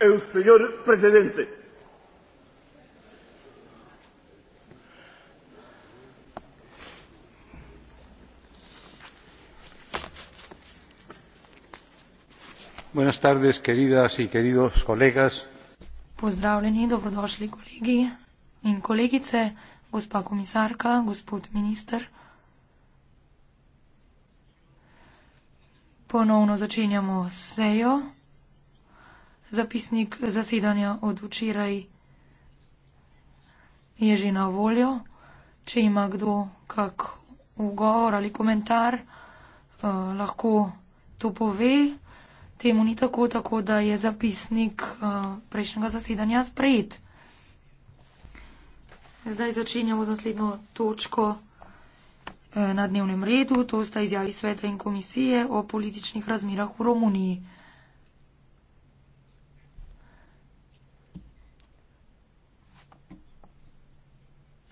el señor presidente. Buenas tardes, queridas y queridos colegas. Pozdravljeni, dobrodošli kolegi in kolegice, gospa komisarka, gospod minister. Ponovno začenjamo sejo. Zapisnik zasedanja od včeraj je že na voljo. Če ima kdo kak ugovor ali komentar, uh, lahko to pove. Temu ni tako, tako da je zapisnik uh, prejšnjega zasedanja sprejet. Zdaj začenjamo z naslednjo točko eh, na dnevnem redu, to sta izjavi sveta in komisije o političnih razmerah v Romuniji.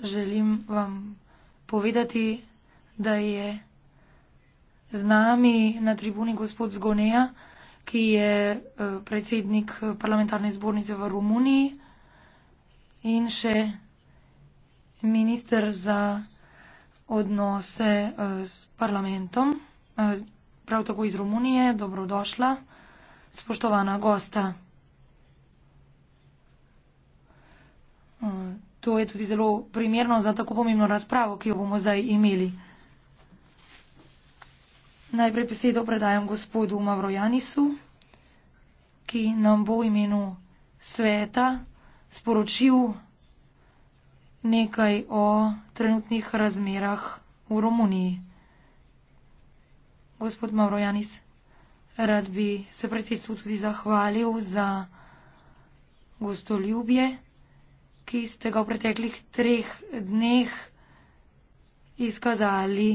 želim vam povedati, da je z nami na tribuni gospod Zgoneja, ki je eh, predsednik parlamentarne zbornice v Romuniji in še minister za odnose eh, s parlamentom, eh, prav tako iz Romunije. Dobrodošla, spoštovana gosta. to je tudi zelo primerno za tako pomembno razpravo, ki jo bomo zdaj imeli. Najprej besedo predajam gospodu Mavrojanisu, ki nam bo v imenu sveta sporočil nekaj o trenutnih razmerah v Romuniji. Gospod Mavrojanis, rad bi se predsedstvu tudi zahvalil za gostoljubje ki ste ga v preteklih treh dneh izkazali.